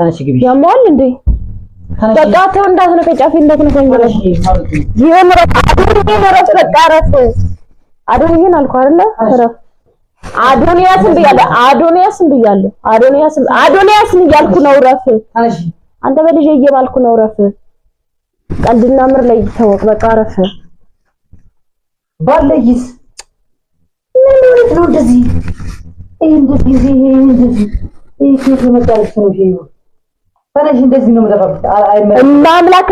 ተነሽ ግቢ። ያማል እንዴ? በቃ እንዳትነካ ጫፌ እንዳትነካኝ ብለሽ ይምረጥ ይምረጥ። በቃ እረፍ። አዶንዬን አልኩህ አይደለ? እረፍ። አዶንያስን ብያለሁ። አዶንያስን ብያለሁ። አዶንያስን አዶንያስን እያልኩ ነው። እረፍ። አንተ በልጄ እየባልኩ ነው። እረፍ። ቀልድና ምር ላይ ይታወቅ። በቃ እረፍ። ባለይስ ምን ነው እንደዚህ? ይሄ እንደዚህ ይሄ እንደዚህ ይሄ ነው ፈረሽ እንደዚህ ነው የምደፋብሽ። እማ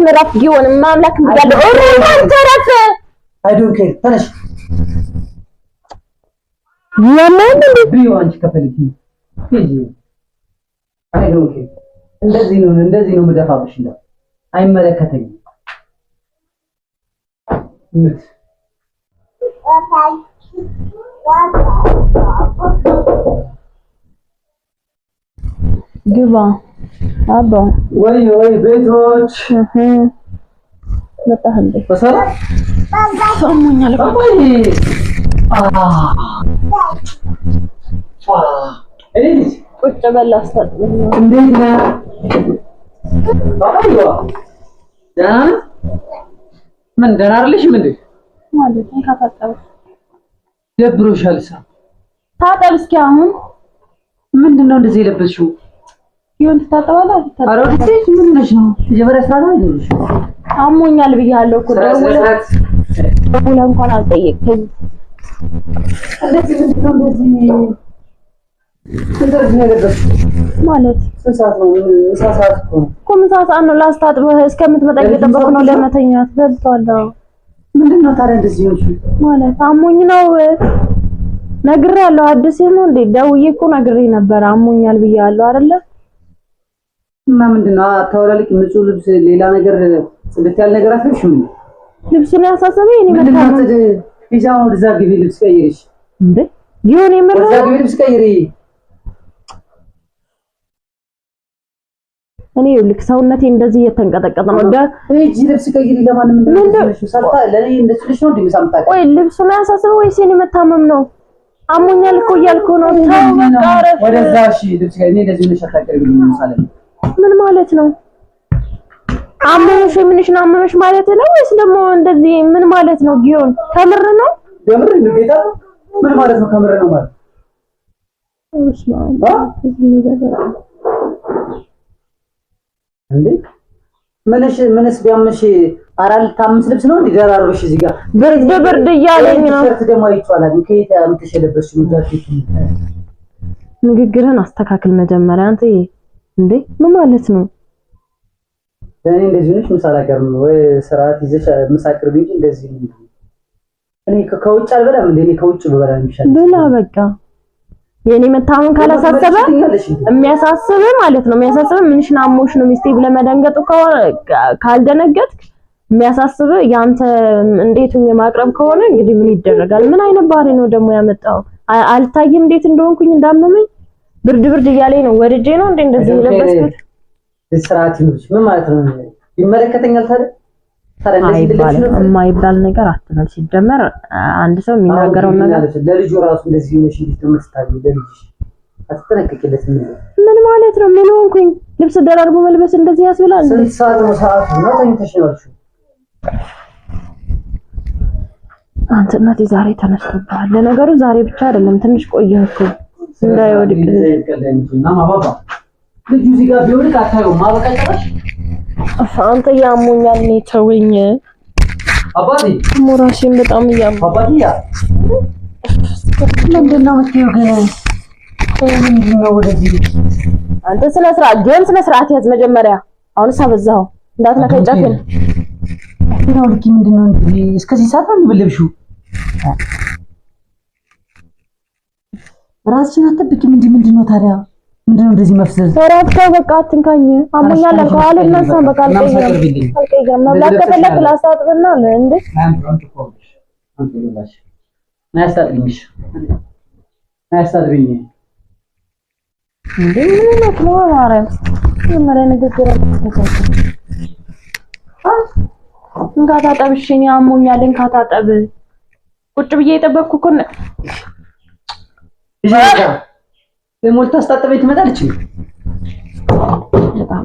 እረፍ ጊዮን፣ እማ አምላክን ብያለሁ። እረፍ ተረፍ አይዶንኬ ፈረሽ የምን ቢዮንች ከፈልኪ አይዶንኬ እንደዚህ ነው እንደዚህ ነው የምደፋብሽ። እንዳ አይመለከተኝም። ግባ አባ ወይ ወይ ቤቶች መጣህ እንዴ? በሰላም ሰሞኛል። ቁጭ በል አስታጥበኝ። ደህና ነህ? ምን ደህና አይደለሽም ደብሮሻል። ታጠብ እስኪ አሁን ምንድን ነው እንደዚህ የለበስሽው? ይሁን ትታጠባለህ? ኧረ ወደ ሴት ምን ሆነሽ ነው? መጀመሪያ ስራ ነው ልሽ አሞኛል ብያለሁ እኮ ደውላ እንኳን አልጠየቅም። ማለት ምሳ ሰዓት እኮ ምሳ ሰዓት ነው። ላስታጥበህ እስከምትመጣ እየጠበኩ ነው ለመተኛ በልቷል። ምንድን ነው ታዲያ እንደዚህ ማለት አሞኝ ነው ነግሬ ያለው አዲስ ነው እንዴ? ደውዬ እኮ ነግሬ ነበር አሞኛል ብያለሁ አይደለ እና ምንድን ነው አታወላልቅ? ንጹህ ልብስ፣ ሌላ ነገር፣ ጽድት ያለ ነገር አትለብሽ። ምን ልብሱ ላይ አሳሰበ? የኔ መጣ ቢዛው ወደዛ ግቢ ልብስ ቀይርሽ እንዴ ይሁን የምር ወደዛ ግቢ ልብስ ቀይሪ። እኔ ልክ ሰውነቴ እንደዚህ እየተንቀጠቀጠ ነው። ዳ እጂ ልብስ ቀይሪ። ለማንም እንደዚህ ሰልታ ለኔ እንደዚህ ነው እንደምሳምጣ ወይ ልብሱ ላይ አሳሰበ ወይስ የኔ መታመም ነው? አሞኛል እኮ እያልኩ ነው። ተው በቃ ወደዛ እሺ ልብስ ቀይሪ። እኔ እንደዚህ ልሽ አታቀርብልኝ ምሳሌ ምን ማለት ነው? አመመሽ ምንሽ ነው አመመሽ ማለት ነው ወይስ ደግሞ እንደዚህ ምን ማለት ነው? ጊዮን ከምር ነው የምር ነው ጌታ ምን ማለት ነው? ከምር ነው ማለት እንዴ ምንሽ ምንስ ቢያምሽ አራት አምስት ልብስ ነው እንዲደራርብሽ እዚህ ጋር ብርድ ብርድ እያለኝ ነው። ቲሸርት ደግሞ ይቻላል ከየት አምጥተሽ የለበስሽው ንግግርን አስተካክል መጀመሪያ አንተ እንዴ ምን ማለት ነው? እኔ እንደዚህ ነሽ ምሳሌ አቀርም ወይ ስርዓት ይዘሽ መሳቅር ቢጂ እንደዚህ ነው። እኔ ከውጭ አልበላም እንዴ እኔ ከውጭ በበላ የሚሻል ብላ በቃ የእኔ መታመን ካላሳሰበ የሚያሳስብ ማለት ነው የሚያሳስብ ምንሽን አሞሽ ነው ሚስቴ ብለህ መደንገጡ ካልደነገጥክ የሚያሳስብ ያንተ እንዴቱን የማቅረብ ከሆነ እንግዲህ ምን ይደረጋል? ምን አይነት ባህሪ ነው ደግሞ ያመጣው? አልታይም እንዴት እንደሆንኩኝ እንዳመመኝ ብርድ ብርድ እያለኝ ነው። ወድጄ ነው እንዴ እንደዚህ የለበስኩት? ስርዓት ይሉሽ ምን ማለት ነው? ይመለከተኛል። ታዲያ የማይባል ነገር አትበል። ሲደመር አንድ ሰው የሚናገረው ነገር ለልጁ ራሱ እንደዚህ ነው። ምን ማለት ነው? ምን ሆንኩኝ? ልብስ ደራርቦ መልበስ እንደዚህ ያስብላል እንዴ? አንተ እናቴ ዛሬ ተነስቶብሃል። ለነገሩ ዛሬ ብቻ አይደለም ትንሽ ቆየህ እኮ እንዳይወድቅ ልጁ እዚህ ጋር ቢወድቅ አታየውም። አንተ ያሞኛል፣ እኔ ተወኝ። አባቴ ሞራሽን በጣም እያመ አባቴ ያ ምንድን ነው የምትይው? ግን ነው አንተ ስነ ስርዓት ግን ስነ ስርዓት ያዝ መጀመሪያ። አሁንስ አበዛኸው። እንዳትነካኝ ጫፍን ነው ልኪ። ምንድን ነው እስከዚህ ሰዓት ነው ራስሽን አትጠብቂም። ምንድን ምንድን ነው ታዲያ? ምንድን ነው እንደዚህ መፍዘዝ? ተረጋጋ፣ በቃ አትንካኝ። አሞኛል አልኳል። እናሳ በቃ መብላት ምን አሞኛል። እንካታጠብ ቁጭ ብዬ የጠበቅኩ እኮ በሞልታ አስታጥበኝ ትመጣለች። በጣም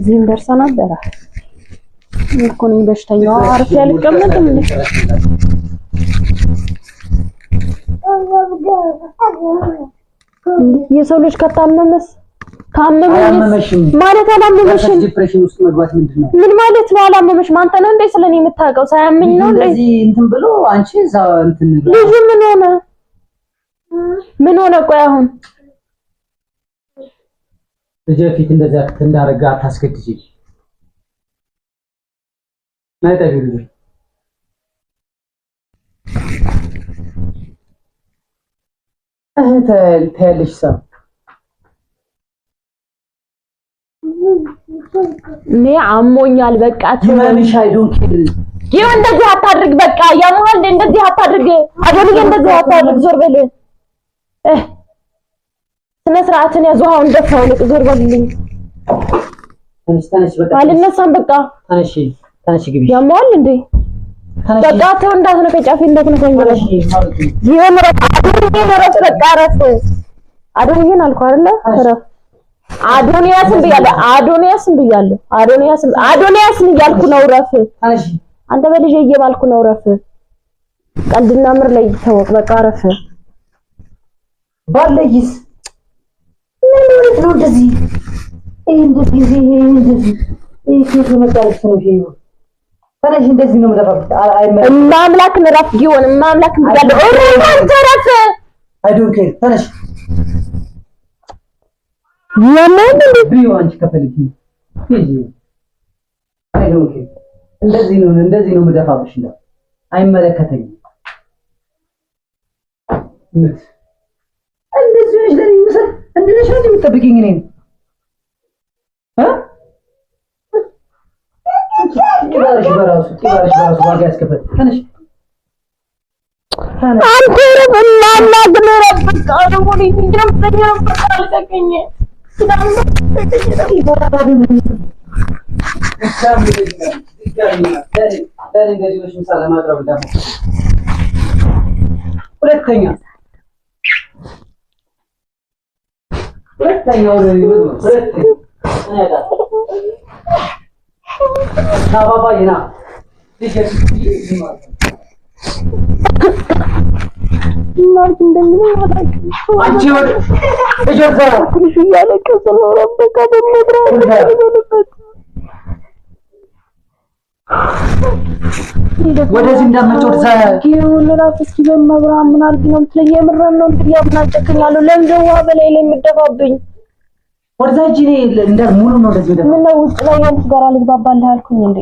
እዚህም ደርሰን አደራ እኮ ነኝ አልቀመጥም። የሰው ልጅ ከታመመስ ካመመሽ ማለት አላመመሽም። ምን ማለት ነው አላመመሽም? አንተ ነው እንዴ ስለኔ የምታውቀው? ሳያመኝ ነው እንዴ እንትን ብሎ አንቺ ልጅ ምን ሆነ? ምን ሆነ? ቆይ አሁን ልጄ ፊት እንደዚያ እንዳደረገ አታስገድጂ። ናይ ጠቢ ልጄ ታያለሽ ሰው እኔ አሞኛል። በቃ ትመንሽ አይዶንክ ይሁን። እንደዚህ አታድርግ። በቃ ያማል። እንደዚህ አታድርግ። አዶንዬ እንደዚህ አታድርግ። ዞር በል ስነ ስርዓትን ያዙ። አሁን ደፋው ልቅ ዞር በልልኝ። አልነሳም። በቃ ተነሽ፣ ተነሽ ግቢ። ያማል እንዴ? በቃ ተው፣ እንዳትነካኝ፣ እንዳትነካኝ። በቃ አይደለ? አዶንያስን ብያለሁ፣ አዶንያስን ብያለሁ፣ አዶንያስን አዶንያስን እያልኩ ነው። ረፍ። አንተ በልጄ እየባልኩ ነው። ረፍ። ቀልድና ምር ላይ ይታወቅ። በቃ ረፍ። ባለይስ ምን ማለት ነው? እንደዚህ ይሄ እንደዚህ ይሄ እንደዚህ ይሄ ከየት የመጣለች ነው? ይሄ ታዲያ እንደዚህ ነው የምደፋብሽ። ማምላክ ምዕራፍ ጊዮን ማምላክ ምዕራፍ ተረፈ አይዶንኬ ተነሽ። የምን ቢዮንች አይዶንኬ እንደዚህ ነው እንደዚህ ነው የምደፋብሽ። እንዳ አይመለከተኝም የምጠብቂኝ እኔን ሁለተኛ Bırak sen yavruyu bunu. Bırak sen. Ne kadar? Na baba yine. Bunlar günden bile kadar Acıyor. Acıyor sana. Konuşun yani kızın oramda kadınla bırakın. ወደዚህ እንዳትመጪ ወደ ይሁን እራሱ እስኪ በመብራን ምን አድርጊ ነው የምትለኝ? የምረን ነው እንግዲህ ያምናጨክኛለሁ። ለምንድን ውሃ በላይ ላይ የምደፋብኝ? ወደዛ ሂጂ። እኔ ሙሉ ነው እንደዚህ ደፋ። ምነው ውጭ ላይ ያሉት ጋር ልግባባልህ አልኩኝ እንዴ?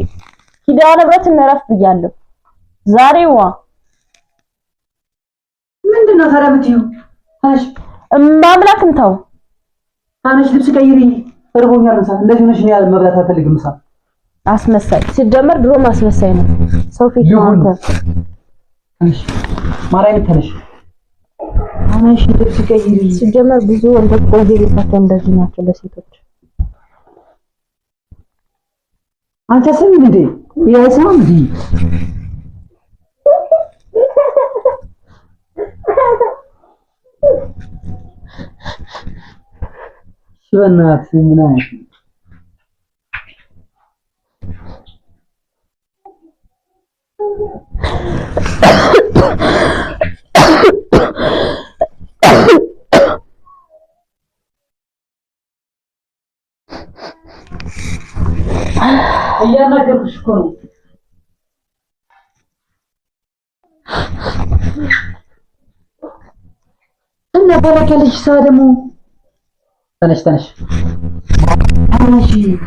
ሂዳ ንብረት እንረፍ ብያለሁ። ዛሬ ምንድን ነው ታዲያ የምትይው? ታነሽ እማምላክን ተው። ልብስ ቀይሪ፣ እርቦኛል። ምሳ እንደዚህ ሆነሽ መብላት አልፈልግም ምሳ አስመሳይ ሲጀመር ድሮም አስመሳይ ነው። ሰው ፊት ነው ማርያም ተነሽ አናሽ ልብስ ቀይሪ። ሲጀመር ብዙ ወንዶች ቆንጆ ቤታቸው እንደዚህ ናቸው ለሴቶች። አንተ ስም እንዴ የሰው እንዴ ሽበናት ምናምን ايام درك شكون انا بركة ليش صادمو تنش تنش ماشي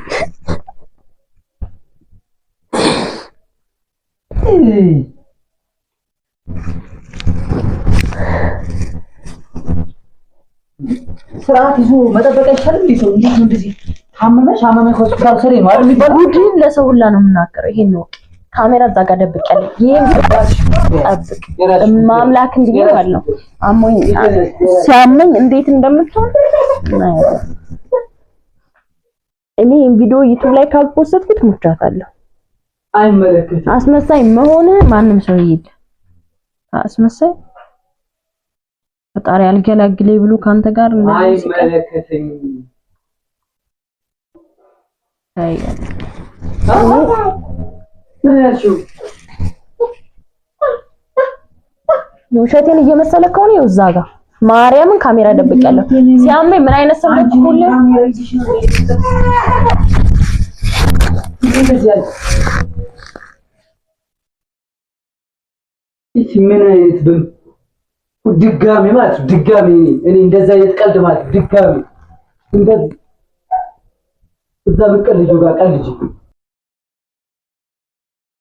سرعة ስርዓት ماذا መጠበቅ አይቻልም። ሰው እንዴት ታመመሽ አመመሽ ሆስፒታል ስሪ ነው አይደል የሚባለው። ቡድን ለሰው ሁላ ነው የምናገረው። ይሄን ነው ካሜራ እዛ ጋር ደብቅ ያለ ይሄን ጠብቅ ማምላክ እንዲባል ነው። አሞኝ ሲያመኝ እንዴት እንደምትሆን እኔ ቪዲዮ ዩቲዩብ ላይ ካልፖስትኩት ሙቻታለሁ። አይመለከትም። አስመሳይ መሆን ማንም ሰው ይል አስመሳይ ፈጣሪ አልገላግሌ ብሎ ካንተ ጋር እንደዚህ ውሸቴን እየመሰለ ከሆነ ይኸው እዛ ጋር ማርያምን ካሜራ ደብቄያለሁ። ሲያመኝ ምን አይነት ሰው ሁሉ ምን አይነት ድጋሜ ማለት ድጋሜ እኔ እንደዛ አይነት ቀልድ ማለት ድጋሜ እዛ ብቀል ልጁ ጋር ቀልጅ